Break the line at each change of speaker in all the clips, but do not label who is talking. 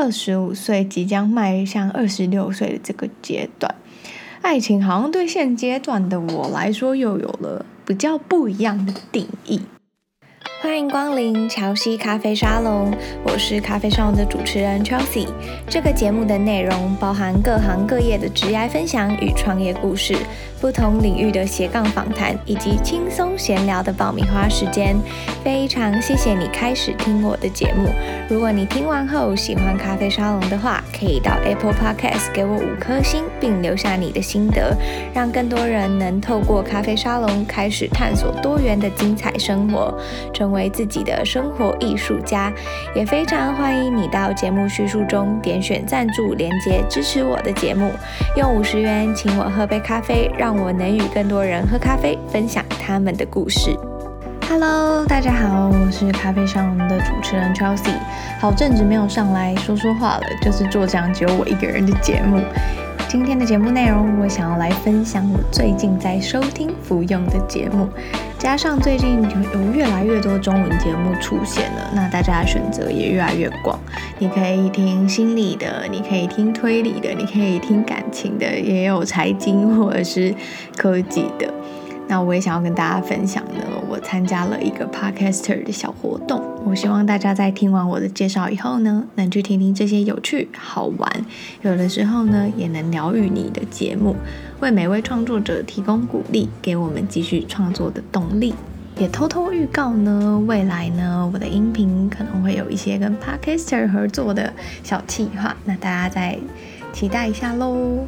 二十五歲即將邁向二十六歲的這個階段，愛情好像對現階段的我來說又有了比較不一樣的定義。歡迎光臨喬西咖啡沙龍，我是咖啡沙龍的主持人 Chelsea。這個節目的內容包含各行各業的職業分享與創業故事，不同領域的斜槓訪談，以及輕鬆閒聊的爆米花時間。非常謝謝你開始聽我的節目。如果你聽完後喜歡咖啡沙龍的話，可以到 Apple Podcast 給我五顆星，並留下你的心得，讓更多人能透過咖啡沙龍開始探索多元的精彩生活，成為為自己的生活藝術家，也非常歡迎你到節目敘述中點選贊助連結支持我的節目，用五十元請我喝杯咖啡，讓我能與更多人喝咖啡，分享他們的故事。Hello，大家好，我是咖啡沙龍的主持人 Chelsea。好陣子沒有上來說說話了，就是做這樣只有我一個人的節目。今天的節目內容，我想要來分享我最近在收聽、服用的節目。加上最近有，有越來越多中文節目出現了，那大家的選擇也越來越廣。你可以聽心理的，你可以聽推理的，你可以聽感情的，也有財經或者是科技的。那我也想要跟大家分享呢，我參加了一個 Podcaster 的小活動。我希望大家在聽完我的介紹以後呢，能去聽聽這些有趣好玩、有的時候呢也能療癒你的節目，為每位創作者提供鼓勵，給我們繼續創作的動力。也偷偷預告呢，未來呢我的音頻可能會有一些跟 Podcaster 合作的小計劃，那大家再期待一下嘍。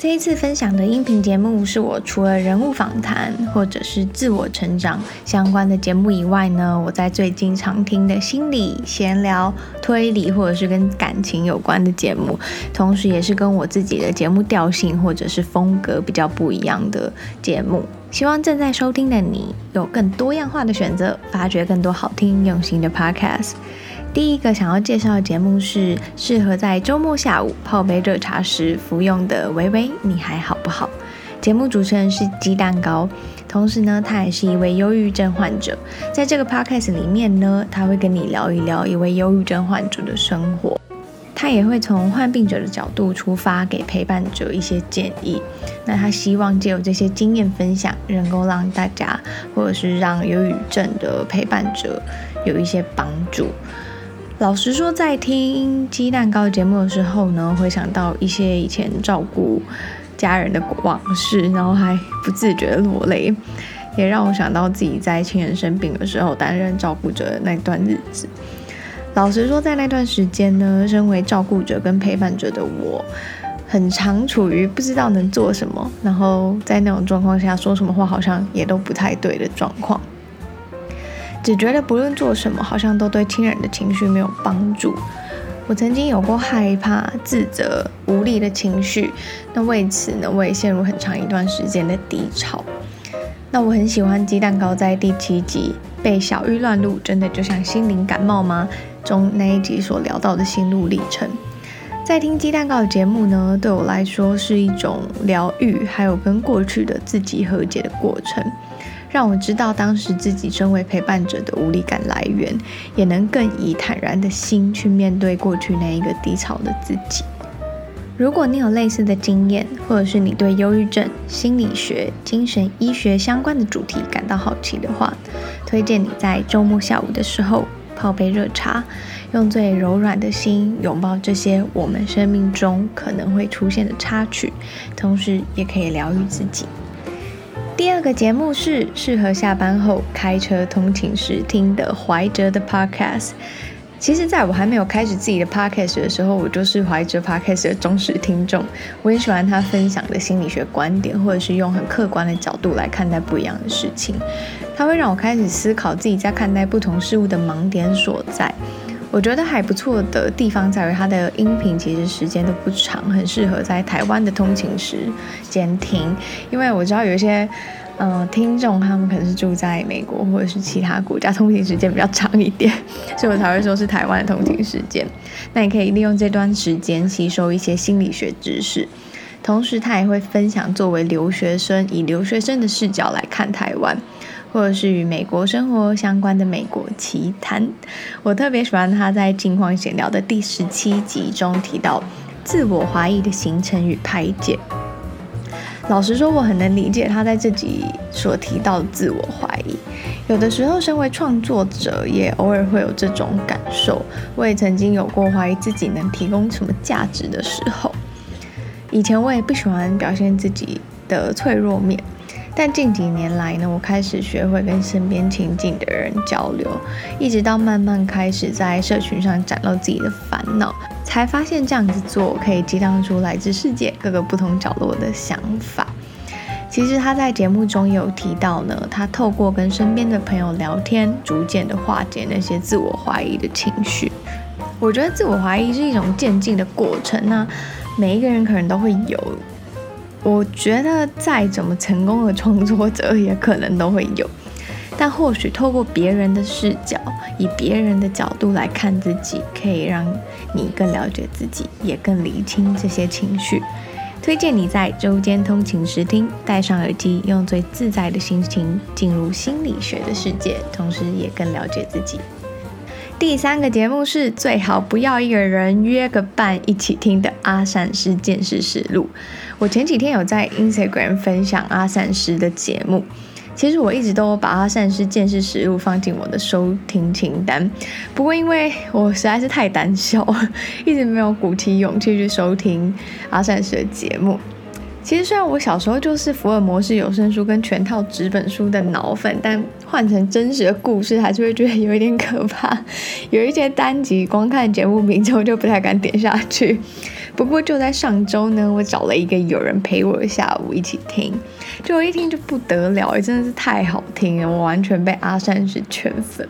這一次分享的音頻節目，是我除了人物訪談或者是自我成長相關的節目以外呢，我在最近常聽的心理閒聊、推理或者是跟感情有關的節目，同時也是跟我自己的節目調性或者是風格比較不一樣的節目。希望正在收聽的你有更多樣化的選擇，發掘更多好聽用心的 podcast。第一個想要介紹的節目是適合在週末下午泡杯熱茶時服用的。薇薇，你還好不好？節目主持人是雞蛋糕，同時呢，他也是一位憂鬱症患者。在這個 podcast 裡面呢，他會跟你聊一聊一位憂鬱症患者的生活，他也會從患病者的角度出發，給陪伴者一些建議。那他希望借由這些經驗分享，能夠讓大家或者是讓憂鬱症的陪伴者有一些幫助。老實說，在聽雞蛋糕節目的時候呢，會想到一些以前照顧家人的往事，然後還不自覺的落淚，也讓我想到自己在親人生病的時候擔任照顧者的那段日子。老實說，在那段時間呢，身為照顧者跟陪伴者的我，很常處於不知道能做什麼，然後在那種狀況下說什麼話好像也都不太對的狀況。只覺得不論做什麼，好像都對親人的情緒沒有幫助。我曾經有過害怕、自責、無力的情緒，那為此呢，我也陷入很長一段時間的低潮。那我很喜歡雞蛋糕在第七集被小玉亂入，真的就像《心靈感冒嗎》中那一集所聊到的心路歷程。在聽雞蛋糕的節目呢，對我來說是一種療癒，還有跟過去的自己和解的過程。讓我知道當時自己身為陪伴者的無力感來源，也能更以坦然的心去面對過去那一個低潮的自己。如果你有類似的經驗，或者是你對憂鬱症、心理學、精神醫學相關的主題感到好奇的話，推薦你在周末下午的時候泡杯熱茶，用最柔軟的心擁抱這些我們生命中可能會出現的插曲，同時也可以療癒自己。第二個節目是適合下班後開車通勤時聽的懷哲的 podcast。其實，在我還沒有開始自己的 podcast 的時候，我就是懷哲 podcast 的忠實聽眾。我很喜歡他分享的心理學觀點，或者是用很客觀的角度來看待不一樣的事情。他會讓我開始思考自己在看待不同事物的盲點所在。我覺得還不錯的地方在於，它的音頻其實時間都不長，很適合在台灣的通勤時間聽。因為我知道有一些，嗯、呃，聽眾他們可能是住在美國或者是其他國家，通勤時間比較長一點，所以我才會說是台灣的通勤時間。那你可以利用這段時間吸收一些心理學知識，同時他也會分享作為留學生以留學生的視角來看台灣。或者是與美國生活相關的美國奇談，我特別喜歡他在《近況閒聊》的第十七集中提到自我懷疑的形成與排解。老實說，我很能理解他在自己所提到的自我懷疑。有的時候，身為創作者也偶爾會有這種感受。我也曾經有過懷疑自己能提供什麼價值的時候。以前我也不喜歡表現自己的脆弱面。但近幾年來呢，我開始學會跟身邊親近的人交流，一直到慢慢開始在社群上展露自己的煩惱，才發現這樣子做可以激盪出來自世界各個不同角落的想法。其實他在節目中有提到呢，他透過跟身邊的朋友聊天，逐漸的化解那些自我懷疑的情緒。我覺得自我懷疑是一種漸進的過程啊，那每一個人可能都會有。我覺得再怎麼成功的創作者也可能都會有，但或許透過別人的視角，以別人的角度來看自己，可以讓你更了解自己，也更理清這些情緒。推薦你在周間通勤時聽，戴上耳機，用最自在的心情，進入心理學的世界，同時也更了解自己。第三個節目是最好不要一個人約個伴一起聽的阿善師見識實錄。我前幾天有在 Instagram 分享阿善師的節目，其實我一直都把阿善師見識實錄放進我的收聽清單，不過因為我實在是太膽小，一直沒有鼓起勇氣去收聽阿善師的節目。其實雖然我小時候就是福爾摩斯有聲書跟全套紙本書的腦粉，但換成真實的故事還是會覺得有一點可怕。有一些單集光看節目名稱我就不太敢點下去。不過就在上週呢，我找了一個友人陪我下午一起聽，就我一聽就不得了，真的是太好聽了，我完全被阿善師圈粉。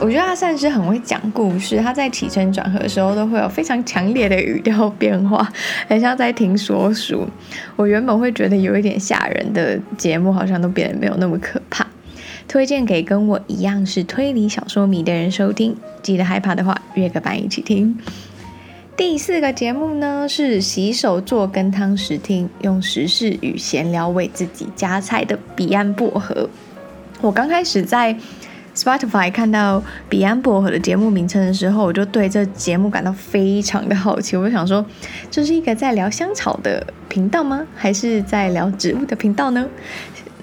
我覺得他算是很會講故事，他在起承轉合的時候都會有非常強烈的語調變化，很像在聽說書。我原本會覺得有一點嚇人的節目，好像都變得沒有那麼可怕。推薦給跟我一樣是推理小說迷的人收聽。記得害怕的話，約個伴一起聽。第四個節目呢，是洗手做羹湯時聽，用時事與閒聊為自己加菜的彼岸薄荷。我剛開始在。Spotify 看到彼岸薄荷的節目名稱的時候，我就對這節目感到非常的好奇。我就想說，這是一個在聊香草的頻道嗎？還是在聊植物的頻道呢？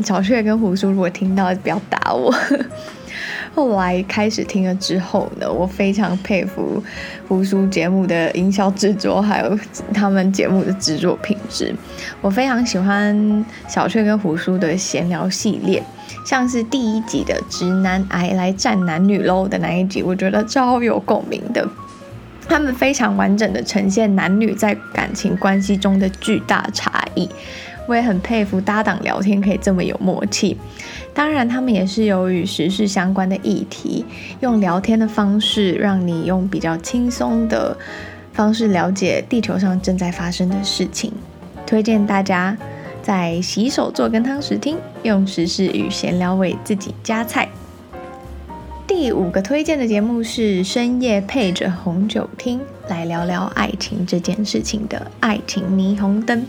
小雀跟胡叔如果聽到，不要打我。 後來開始聽了之後呢，我非常佩服胡叔節目的營銷製作，還有他們節目的製作品質。我非常喜歡小雀跟胡叔的閒聊系列。像是第一集的直男癌來戰男女嘍的那一集，我覺得超有共鳴的。他們非常完整的呈現男女在感情關係中的巨大差異，我也很佩服搭檔聊天可以這麼有默契。當然，他們也是有與時事相關的議題，用聊天的方式讓你用比較輕鬆的方式了解地球上正在發生的事情，推薦大家。在洗手作羹湯時聽，用時事與閒聊為自己加菜。第五個推薦的節目是深夜配着紅酒聽，來聊聊愛情這件事情的《愛情霓虹燈》。《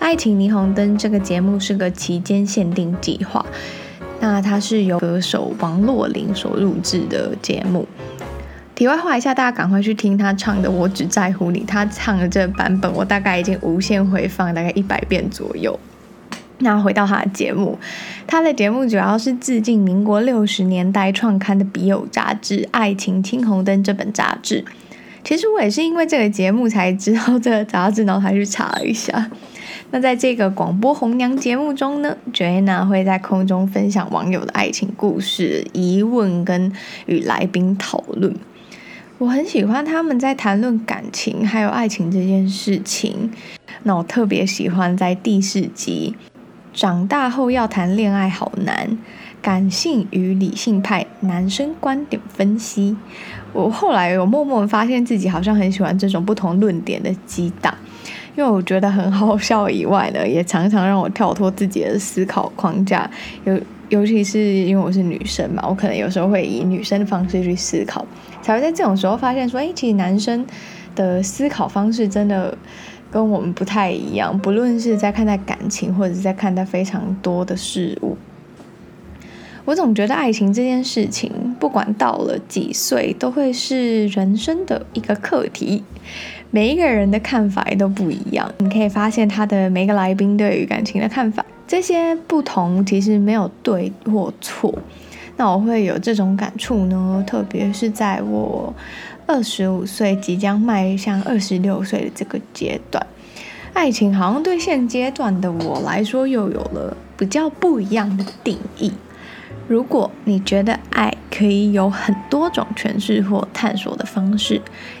愛情霓虹燈》這個節目是個期間限定計劃，那它是由歌手王若琳所錄制的節目。題外話一下，大家趕快去聽他唱的《我只在乎你》，他唱的這個版本，我大概已經無限回放大概一百遍左右。那回到他的節目，他的節目主要是致敬民國六十年代創刊的筆友雜誌《愛情青紅燈》這本雜誌。其實我也是因為這個節目才知道這個雜誌，然後才去查一下。那在這個廣播紅娘節目中呢 ，Jenna 會在空中分享網友的愛情故事、疑問跟與來賓討論，跟與來賓討論。我很喜歡他們在談論感情還有愛情這件事情，那我特別喜歡在第四集，長大後要談戀愛好難，感性與理性派男生觀點分析。我後來我默默發現自己好像很喜歡這種不同論點的激盪。因為我覺得很好笑以外呢，也常常讓我跳脫自己的思考框架。尤尤其是因為我是女生嘛，我可能有時候會以女生的方式去思考，才會在這種時候發現說，誒、欸，其實男生的思考方式真的跟我們不太一樣。不論是在看待感情，或者是在看待非常多的事物，我總覺得愛情這件事情，不管到了幾歲，都會是人生的一個課題。每一個人的看法也都不一樣，你可以發現他的每個來賓對於感情的看法，這些不同其實沒有對或錯。那我會有這種感觸呢，特別是在我二十五歲即將邁向二十六歲的這個階段，愛情好像對現階段的我來說又有了比較不一樣的定義。如果你覺得愛，可以有很多種詮釋或探索的方式，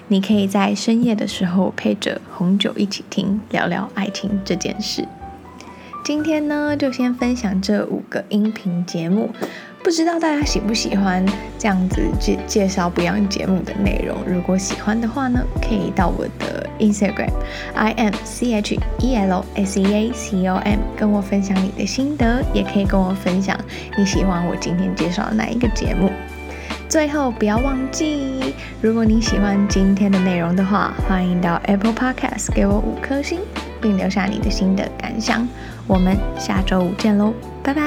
你可以在深夜的時候配着紅酒一起聽，聊聊愛情這件事。今天呢，就先分享這五個音頻節目。不知道大家喜不喜歡這樣子介介紹不一樣節目的內容？如果喜歡的話呢，可以到我的 Instagram i m c h e l s e a c o m 跟我分享你的心得，也可以跟我分享你喜歡我今天介紹的哪一個節目。最後不要忘記，如果你喜歡今天的內容的話，歡迎到 Apple Podcast 給我五顆星，並留下你的心得感想。我們下周五見嘍，拜拜。